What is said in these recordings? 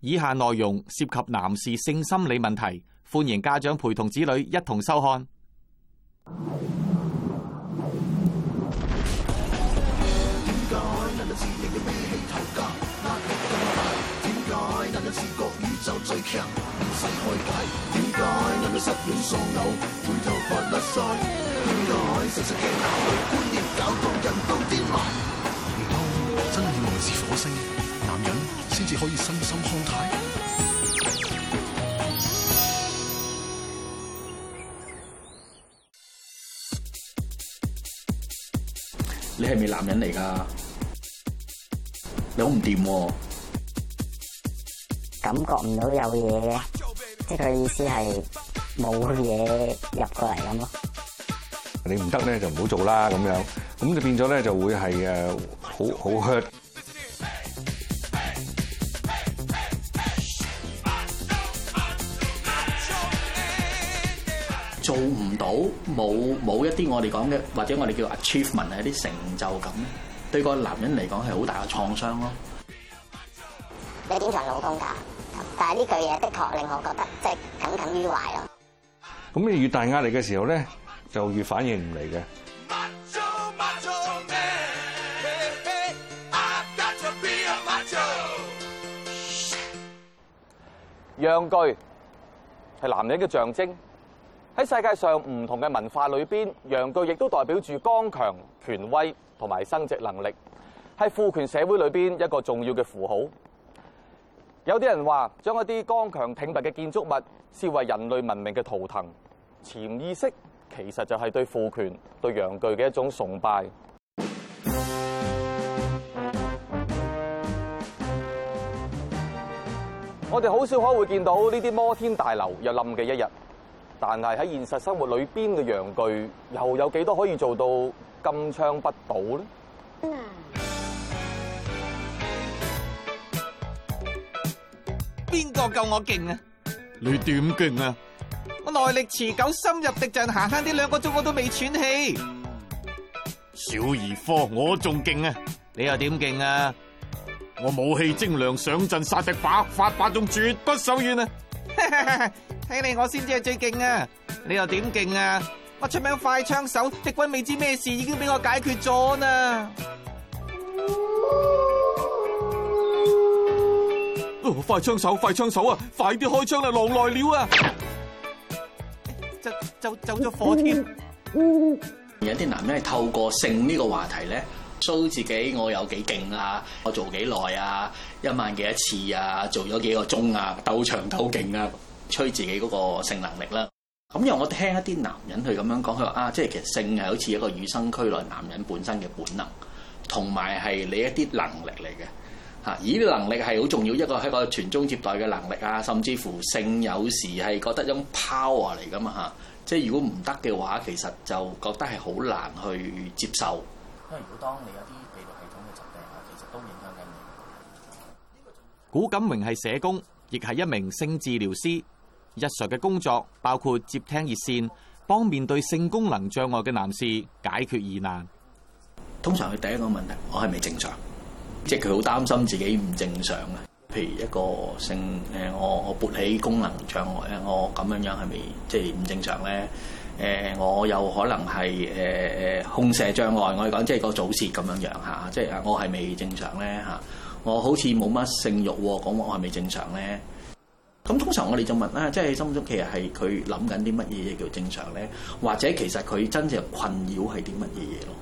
以下內容涉及男士性心理問題，歡迎家長陪同子女一同收看。先至可以深深看睇。你係咪男人嚟㗎？你好唔掂喎，感覺唔到有嘢嘅，即係佢意思係冇嘢入過嚟咁咯。你唔得咧就唔好做啦，咁樣咁就變咗咧就會係誒好好 hurt。做唔到冇冇一啲我哋講嘅或者我哋叫 achievement 係一啲成就感，對個男人嚟講係好大嘅創傷咯。你點做老公噶？但係呢句嘢的確令我覺得即係耿耿於懷咯。咁你越大壓力嘅時候咧，就越反應唔嚟嘅。陽具係男人嘅象徵。喺世界上唔同嘅文化裏邊，陽具亦都代表住剛強、權威同埋生殖能力，係父權社會裏邊一個重要嘅符號。有啲人話，將一啲剛強挺拔嘅建築物視為人類文明嘅圖騰，潛意識其實就係對父權、對陽具嘅一種崇拜。 我哋好少可會見到呢啲摩天大樓有冧嘅一日。但係喺現實生活裏邊嘅陽具，又有幾多可以做到金槍不倒呢？邊個夠我勁啊？你點勁啊？我耐力持久，深入敵陣，行返啲兩個鐘我都未喘氣。小兒科，我仲勁啊！你又點勁啊？我武器精良，上陣殺敵百發百中，絕不手軟啊！ 睇嚟我先至係最勁啊！你又點勁啊？我出名快槍手，敵軍未知咩事，已經俾我解決咗啦、哦！快槍手，快槍手快槍啊！快啲開槍啦！狼來了啊！就就走咗火添。 有啲男人係透過性呢個話題咧 show 自己我有幾勁啊，我做幾耐啊，一萬幾一次啊，做咗幾個鐘啊，鬥長鬥勁啊！吹自己嗰個性能力啦，咁因為我聽一啲男人佢咁樣講，佢話啊，即係其實性係好似一個與生俱來男人本身嘅本能，同埋係你一啲能力嚟嘅，嚇，呢啲能力係好重要，一個係個傳宗接代嘅能力啊，甚至乎性有時係覺得一種 power 嚟噶嘛嚇，即係如果唔得嘅話，其實就覺得係好難去接受。因為如果當你有啲免疫系統嘅疾病啊，其實都影響緊你。古錦榮係社工，亦係一名性治療師。日常嘅工作包括接聽熱線，幫面對性功能障礙嘅男士解決疑難。通常佢第一個問題，我係咪正常？即係佢好擔心自己唔正常嘅。譬如一個性誒，我我勃起功能障礙咧，我咁樣樣係咪即係唔正常咧？誒，我又可能係誒控射障礙，我嚟講即係個早泄咁樣樣吓，即係我係咪正常咧吓？我好似冇乜性欲，講我係咪正常咧？咁通常我哋就問啦，即係心中其實係佢諗緊啲乜嘢嘢叫正常咧？或者其實佢真正困擾係啲乜嘢嘢咯？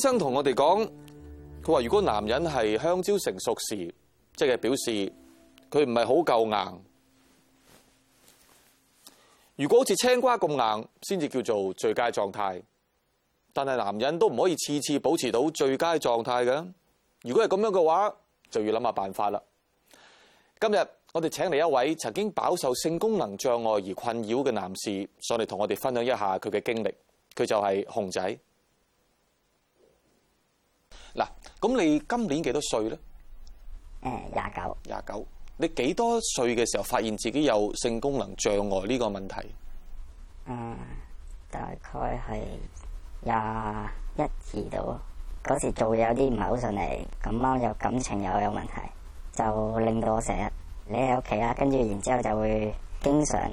醫生同我哋講，佢話如果男人係香蕉成熟時，即係表示佢唔係好夠硬。如果好似青瓜咁硬，先至叫做最佳狀態。但係男人都唔可以次次保持到最佳狀態嘅。如果係咁樣嘅話，就要諗下辦法啦。今日我哋請嚟一位曾經飽受性功能障礙而困擾嘅男士，上嚟同我哋分享一下佢嘅經歷。佢就係熊仔。咁你今年幾多歲咧？誒、嗯，廿九，廿九。你幾多歲嘅時候發現自己有性功能障礙呢個問題？誒、嗯，大概係廿一二度。嗰時做嘢有啲唔係好順利，咁啱又感情又有問題，就令到我成日匿喺屋企啊。跟住然之後，後就會經常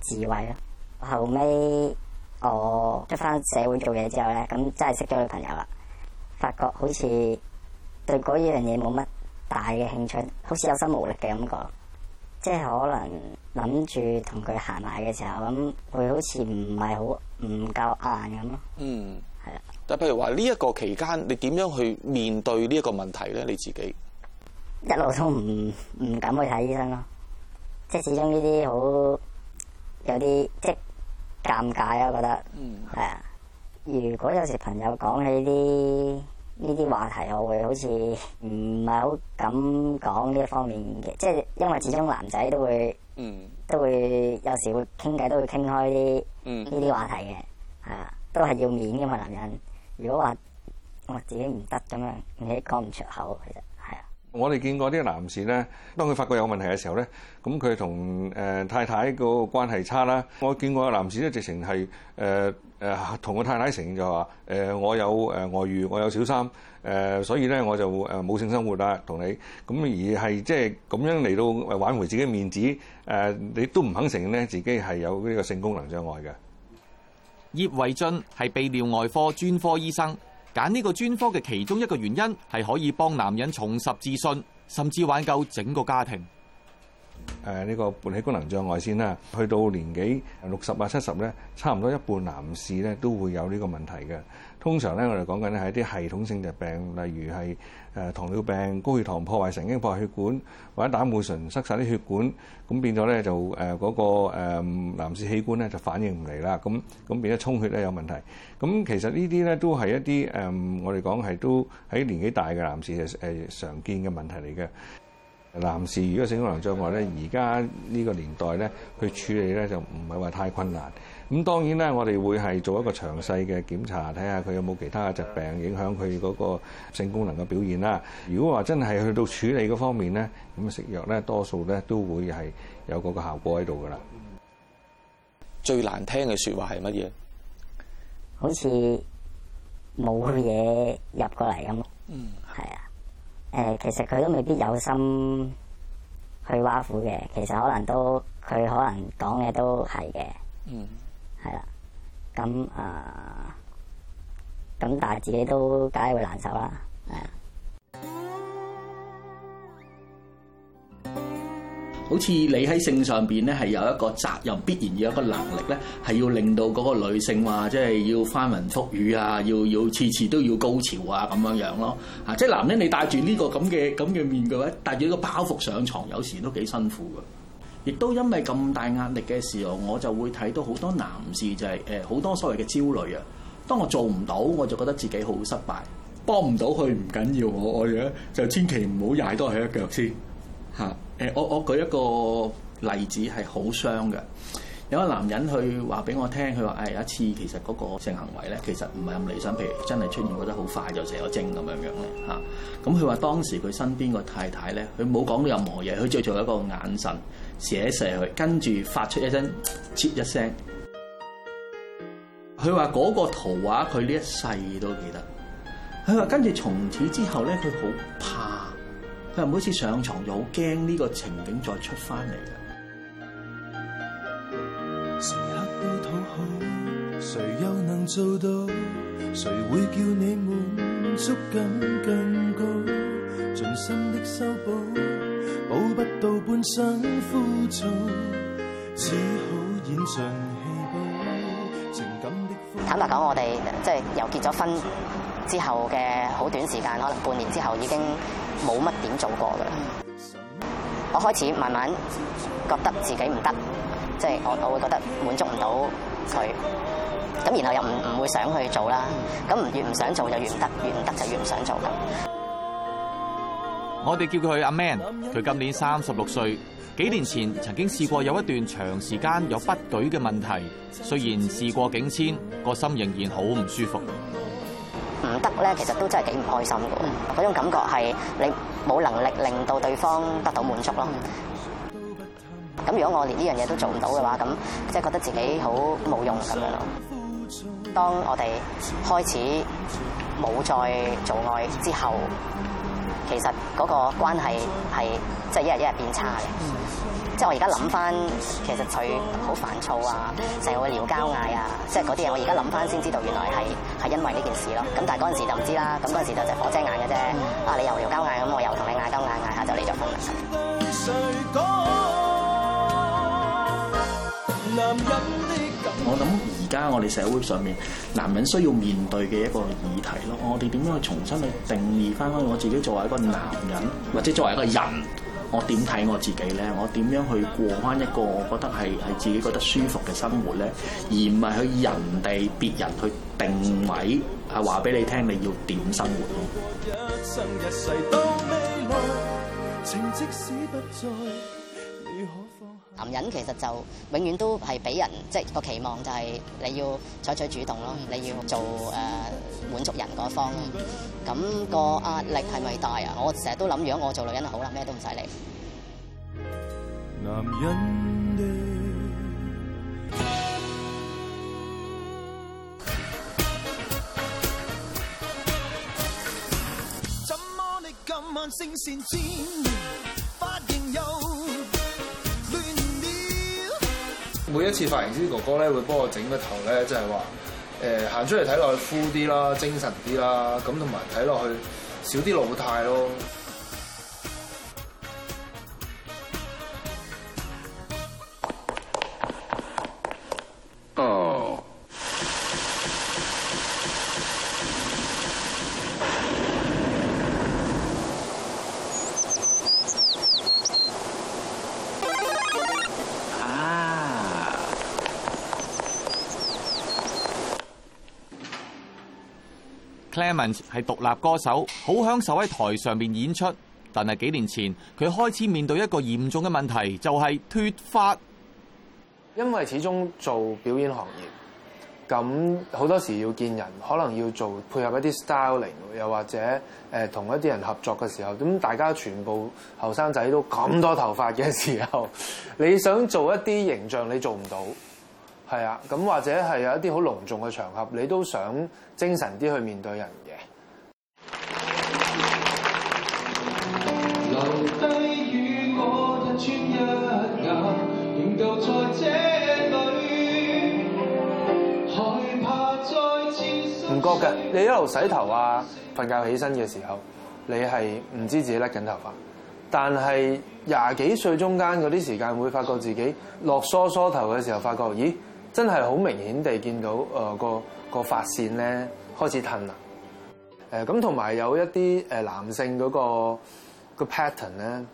自慰咯。後尾我出翻社會做嘢之後咧，咁真係識咗女朋友啦。發覺好似對嗰樣嘢冇乜大嘅興趣，好似有心無力嘅感覺，即係可能諗住同佢行埋嘅時候，咁會好似唔係好唔夠硬咁咯。嗯，係啊的。但譬如話呢一個期間，你點樣去面對呢一個問題咧？你自己一路都唔唔敢去睇醫生咯，即係始終呢啲好有啲即係尷尬啊，我覺得，嗯，係啊。如果有時朋友講起啲，呢啲話題我會好似唔係好敢講，呢一方面嘅，即係因為始終男仔都會，嗯、都會有時會傾偈都會傾開啲呢啲話題嘅。係啊，都係要面嘅嘛男人。如果話我自己唔得咁樣，你講唔出口其實係啊。我哋見過啲男士咧，當佢發覺有問題嘅時候咧，咁佢同誒太太個關係差啦。我見過個男士咧，直情係誒。呃誒同個太太承認就話誒我有誒外遇，我有小三誒、呃，所以咧我就誒冇性生活啦，同你咁而係即係咁樣嚟到挽回自己面子誒、呃，你都唔肯承認咧，自己係有呢個性功能障礙嘅。葉偉俊係泌尿外科專科醫生，揀呢個專科嘅其中一個原因係可以幫男人重拾自信，甚至挽救整個家庭。誒呢個勃起功能障礙先啦，去到年紀六十或七十咧，差唔多一半男士咧都會有呢個問題嘅。通常咧，我哋講緊咧係一啲系統性嘅病，例如係誒糖尿病、高血糖破壞神經、破壞血管，或者膽固醇塞曬啲血管，咁變咗咧就誒嗰個誒男士器官咧就反應唔嚟啦。咁咁變咗充血咧有問題。咁其實呢啲咧都係一啲誒我哋講係都喺年紀大嘅男士誒常見嘅問題嚟嘅。男士如果性功能障礙咧，而家呢個年代咧，去處理咧就唔係話太困難。咁當然咧，我哋會係做一個詳細嘅檢查，睇下佢有冇其他嘅疾病影響佢嗰個性功能嘅表現啦。如果話真係去到處理嗰方面咧，咁食藥咧，多數咧都會係有嗰個效果喺度噶啦。最難聽嘅說話係乜嘢？好似冇嘢入過嚟咁，嗯，係啊。誒，其實佢都未必有心去挖苦嘅，其實可能都佢可能講嘢都係嘅，係啦、嗯，咁啊，咁、呃、但係自己都梗係會難受啦。好似你喺性上邊咧，係有一個責任，必然要有一個能力咧，係要令到嗰個女性話、啊，即係要翻雲覆雨啊，要要次次都要高潮啊咁樣樣咯嚇。即係男人，你戴住呢、這個咁嘅咁嘅面具咧，戴住呢個包袱上床，有時都幾辛苦㗎。亦都因為咁大壓力嘅時候，我就會睇到好多男士就係誒好多所謂嘅焦慮啊。當我做唔到，我就覺得自己好失敗，幫唔到佢唔緊要我，我我嘅就千祈唔好踩多佢一腳先嚇。誒，我我舉一個例子係好傷嘅。有個男人佢話俾我聽，佢話：哎，有一次其實嗰個性行為咧，其實唔係咁理想，譬如真係出現覺得好快就成咗精咁樣樣嘅。嚇、啊。咁佢話當時佢身邊個太太咧，佢冇講到任何嘢，佢只做一個眼神射一射佢，跟住發出一聲切一聲。佢話嗰個圖畫佢呢一世都記得。佢話跟住從此之後咧，佢好怕。佢話：每次上床又好驚，呢個情景再出翻嚟。時刻都討好，誰又能做到？誰會叫你滿足感更高？盡心的修補，補不到半生只好演情感啦。坦白講，我哋即係又結咗婚之後嘅好短時間，可能半年之後已經。冇乜點做過嘅，我開始慢慢覺得自己唔得，即係我，我會覺得滿足唔到佢，咁然後又唔唔會想去做啦，咁越唔想做就越唔得，越唔得就越唔想做咁。我哋叫佢阿 Man，佢今年三十六歲，幾年前曾經試過有一段長時間有不舉嘅問題，雖然事過境遷，個心仍然好唔舒服。唔得咧，其實都真係幾唔開心㗎，嗰種感覺係你冇能力令到對方得到滿足咯。咁如果我連呢樣嘢都做唔到嘅話，咁即係覺得自己好冇用咁樣咯。當我哋開始冇再做愛之後，其實嗰個關係係即係一日一日變差嘅。即係我而家諗翻，其實佢好煩躁啊，成日會撩交嗌啊，即係嗰啲嘢。我而家諗翻先知道，原來係係因為呢件事咯。咁但係嗰陣時就唔知啦，咁嗰陣時就火遮眼嘅啫。啊，你又撩交嗌，咁我又同你嗌交嗌，嗌下就離咗婚啦。誰對誰，男人我諗而家我哋社會上面男人需要面對嘅一個議題咯，我哋點樣去重新去定義翻翻我自己作為一個男人，或者作為一個人？我點睇我自己咧？我點樣去過翻一個我覺得係係自己覺得舒服嘅生活咧？而唔係去人哋別人去定位係話俾你聽你要點生活咯？ 男人其實就永遠都係俾人，即係個期望就係你要採取主動咯，你要做誒滿足人嗰方，咁個壓力係咪大啊？我成日都諗，如果我做女人就好啦，咩都唔使理。每一次髮型師哥哥咧會幫我整個頭咧，就係話誒行出嚟睇落去酷啲啦，精神啲啦，咁同埋睇落去少啲老態咯。Simon 係獨立歌手，好享受喺台上面演出。但係幾年前，佢開始面對一個嚴重嘅問題，就係脫髮。因為始終做表演行業，咁好多時要見人，可能要做配合一啲 styling，又或者誒同、呃、一啲人合作嘅時候，咁大家全部後生仔都咁多頭髮嘅時候，你想做一啲形象，你做唔到。係啊，咁或者係有一啲好隆重嘅場合，你都想精神啲去面對人嘅。唔覺㗎，你一路洗頭啊，瞓覺起身嘅時候，你係唔知自己甩緊頭髮，但係廿幾歲中間嗰啲時間，會發覺自己落梳梳頭嘅時候發覺，咦？真係好明顯地見到誒、呃嗰個、嗰個髮線咧開始褪啦，誒咁同埋有一啲誒男性嗰、嗰個嗰個 pattern 咧，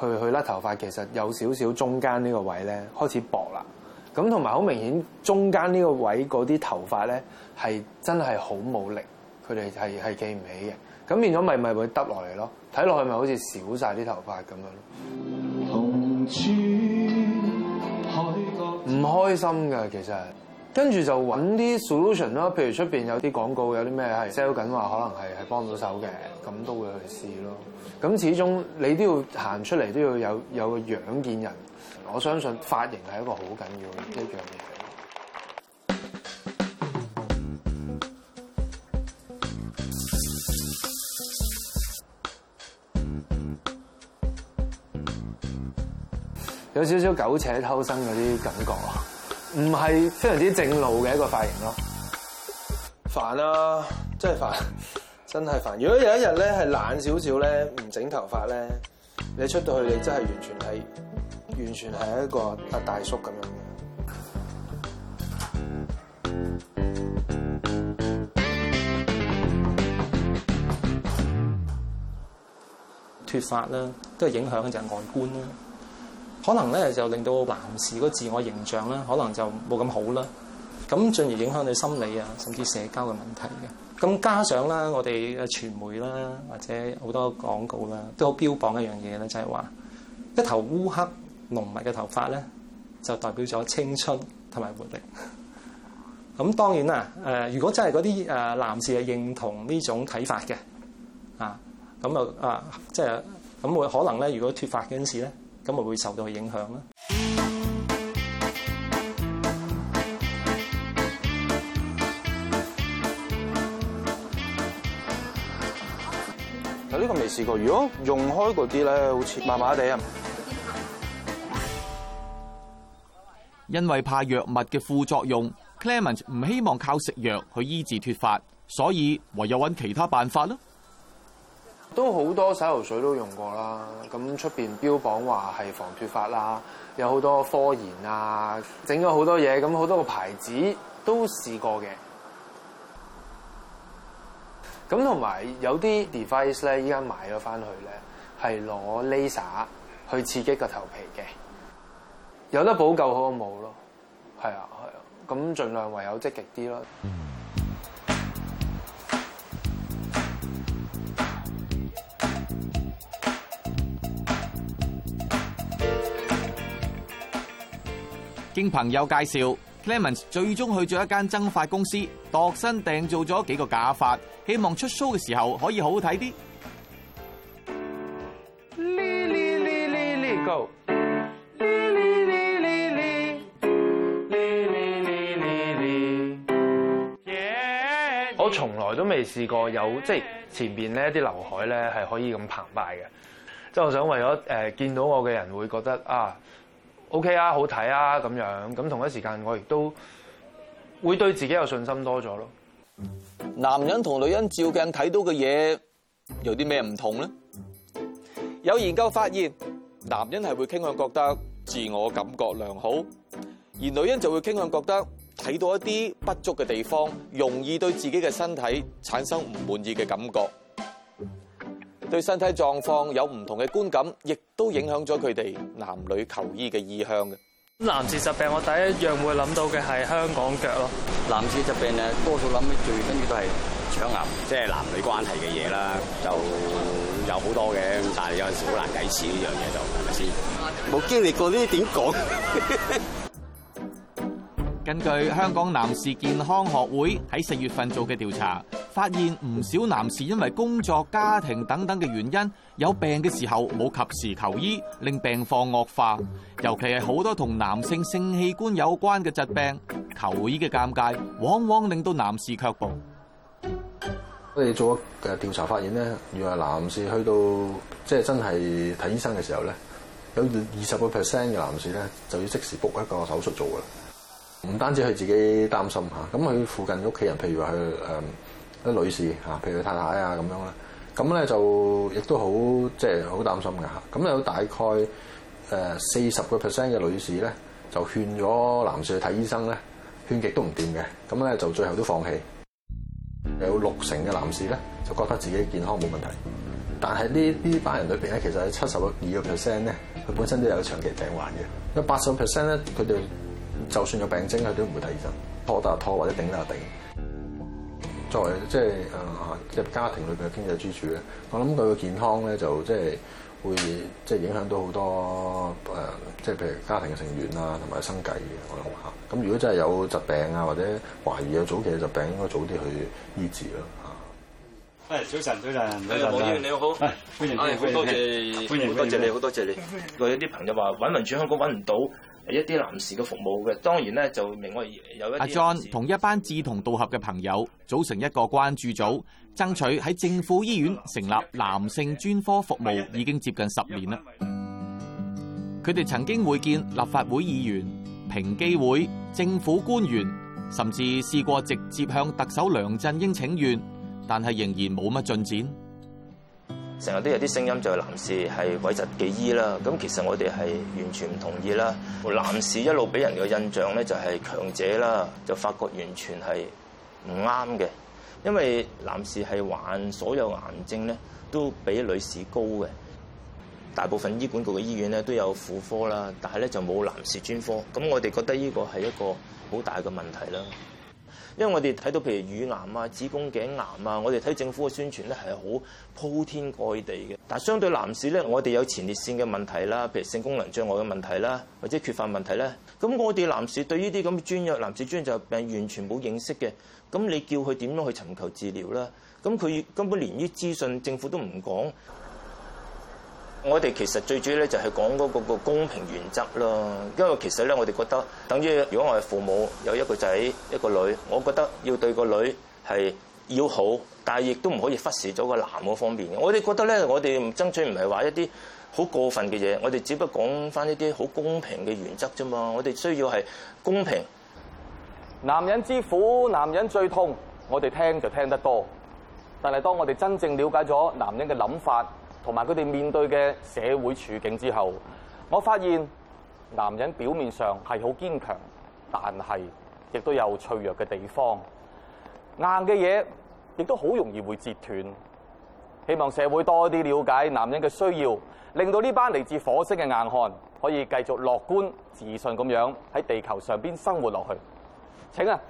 去去甩頭髮其實有少少中間呢個位咧開始薄啦，咁同埋好明顯中間呢個位嗰啲頭髮咧係真係好冇力，佢哋係係企唔起嘅，咁變咗咪咪會耷落嚟咯，睇落去咪好似少晒啲頭髮咁樣。唔開心嘅其實，跟住就揾啲 solution 咯。譬如出邊有啲廣告，有啲咩係 sell 緊，話可能係係幫到手嘅，咁都會去試咯。咁始終你都要行出嚟，都要有有個樣見人。我相信髮型係一個好緊要一樣嘢。嗯 有少少苟且偷生嗰啲感覺啊，唔係非常之正路嘅一個髮型咯。煩啊，真係煩，真係煩。如果有一日咧係懶少少咧，唔整頭髮咧，你出到去你真係完全係完全係一個阿大叔咁樣嘅。脫髮啦，都係影響嘅就係外觀啦。可能咧就令到男士個自我形象咧，可能就冇咁好啦。咁進而影響你心理啊，甚至社交嘅問題嘅。咁加上啦，我哋嘅傳媒啦，或者好多廣告啦，都好標榜一樣嘢咧，就係話一頭烏黑濃密嘅頭髮咧，就代表咗青春同埋活力。咁當然啊，誒、呃，如果真係嗰啲誒男士係認同呢種睇法嘅啊，咁啊啊，即係咁會可能咧，如果脫髮嗰陣時咧。咁咪會受到影響啦。啊！呢個未試過。如果用開嗰啲咧，好似麻麻地啊。因為怕藥物嘅副作用，Clement 唔希望靠食藥去醫治脫髮，所以唯有揾其他辦法啦。都好多洗頭水都用過啦，咁出邊標榜話係防脫髮啦，有好多科研啊，整咗好多嘢，咁好多個牌子都試過嘅。咁同埋有啲 device 咧，依家買咗翻去咧，係攞 laser 去刺激個頭皮嘅，有得補救好過冇咯。係啊，係啊，咁儘量唯有積極啲咯。嗯經朋友介紹 Lemon 最終去咗一間增髮公司度身訂做咗幾個假髮，希望出 show 嘅時候可以好睇啲。我從來都未試過有即係前邊呢啲劉海咧係可以咁澎湃嘅，即係我想為咗誒見到我嘅人會覺得啊。OK 啊，好睇啊，咁樣，咁同一時間，我亦都會對自己有信心多咗咯。男人同女人照鏡睇到嘅嘢，有啲咩唔同咧？有研究發現，男人係會傾向覺得自我感覺良好，而女人就會傾向覺得睇到一啲不足嘅地方，容易對自己嘅身體產生唔滿意嘅感覺。對身體狀況有唔同嘅觀感，亦都影響咗佢哋男女求醫嘅意向嘅。男士疾病我第一樣會諗到嘅係香港腳咯。男士疾病咧，多數諗起最緊要都係腸癌，即係男女關係嘅嘢啦，就有好多嘅，但係有陣時好難解釋呢樣嘢就係咪先？冇經歷過呢啲點講？根據香港男士健康學會喺四月份做嘅調查。發現唔少男士因為工作、家庭等等嘅原因有病嘅時候冇及時求醫，令病況惡化。尤其係好多同男性性器官有關嘅疾病，求醫嘅尷尬往往令到男士卻步。我哋做一個調查發現呢，原來男士去到即係、就是、真係睇醫生嘅時候咧，有二十個 percent 嘅男士咧就要即時 book 一個手術做噶啦。唔單止佢自己擔心吓，咁佢附近屋企人，譬如話佢誒。嗯啲女士嚇，譬如佢太太啊咁樣啦，咁咧就亦都好即係好擔心嘅嚇。咁有大概誒四十個 percent 嘅女士咧，就勸咗男士去睇醫生咧，勸極都唔掂嘅，咁咧就最後都放棄。有六成嘅男士咧，就覺得自己健康冇問題，但係呢呢班人裏邊咧，其實係七十個二個 percent 咧，佢本身都有長期病患嘅。咁八十 percent 咧，佢哋就算有病徵，佢都唔會睇醫生，拖得就拖，或者頂得就頂。作為即係誒即係家庭裏邊嘅經濟支柱咧，我諗佢嘅健康咧就即係會即係影響到好多誒，即係譬如家庭嘅成員啊，同埋生計嘅。我諗下咁，如果真係有疾病啊，或者懷疑有早期嘅疾病，應該早啲去醫治咯。喂，早晨，早晨，你好，你好，哎，歡迎，誒、哎，好多謝，歡迎，歡迎，多謝你，好多謝你。我有啲朋友話揾民主香港揾唔到一啲男士嘅服務嘅，當然咧就另外有一啲。阿 John 同一班志同道合嘅朋友組成一個關注組，爭取喺政府醫院成立男性專科服務已經接近十年啦。佢哋、嗯嗯嗯、曾經會見立法會議員、平機會、政府官員，甚至試過直接向特首梁振英請願。但係仍然冇乜進展，成日都有啲聲音就係男士係諱疾忌醫啦。咁其實我哋係完全唔同意啦。男士一路俾人嘅印象咧就係強者啦，就發覺完全係唔啱嘅，因為男士係患所有癌症咧都比女士高嘅。大部分醫管局嘅醫院咧都有婦科啦，但係咧就冇男士專科。咁我哋覺得呢個係一個好大嘅問題啦。因為我哋睇到譬如乳癌啊、子宮頸癌啊，我哋睇政府嘅宣傳咧係好鋪天蓋地嘅。但係相對男士咧，我哋有前列腺嘅問題啦，譬如性功能障礙嘅問題啦，或者缺乏問題咧。咁我哋男士對呢啲咁嘅專藥，男士專藥就病完全冇認識嘅。咁你叫佢點樣去尋求治療咧？咁佢根本連呢資訊政府都唔講。我哋其實最主要咧就係講嗰個公平原則咯，因為其實咧我哋覺得，等於如果我係父母有一個仔一個女，我覺得要對個女係要好，但係亦都唔可以忽視咗個男嗰方面嘅。我哋覺得咧，我哋爭取唔係話一啲好過分嘅嘢，我哋只不過講翻一啲好公平嘅原則啫嘛。我哋需要係公平。男人之苦，男人最痛。我哋聽就聽得多，但係當我哋真正了解咗男人嘅諗法。同埋佢哋面對嘅社會處境之後，我發現男人表面上係好堅強，但係亦都有脆弱嘅地方。硬嘅嘢亦都好容易會折斷。希望社會多啲了解男人嘅需要，令到呢班嚟自火星嘅硬漢可以繼續樂觀自信咁樣喺地球上邊生活落去。請啊！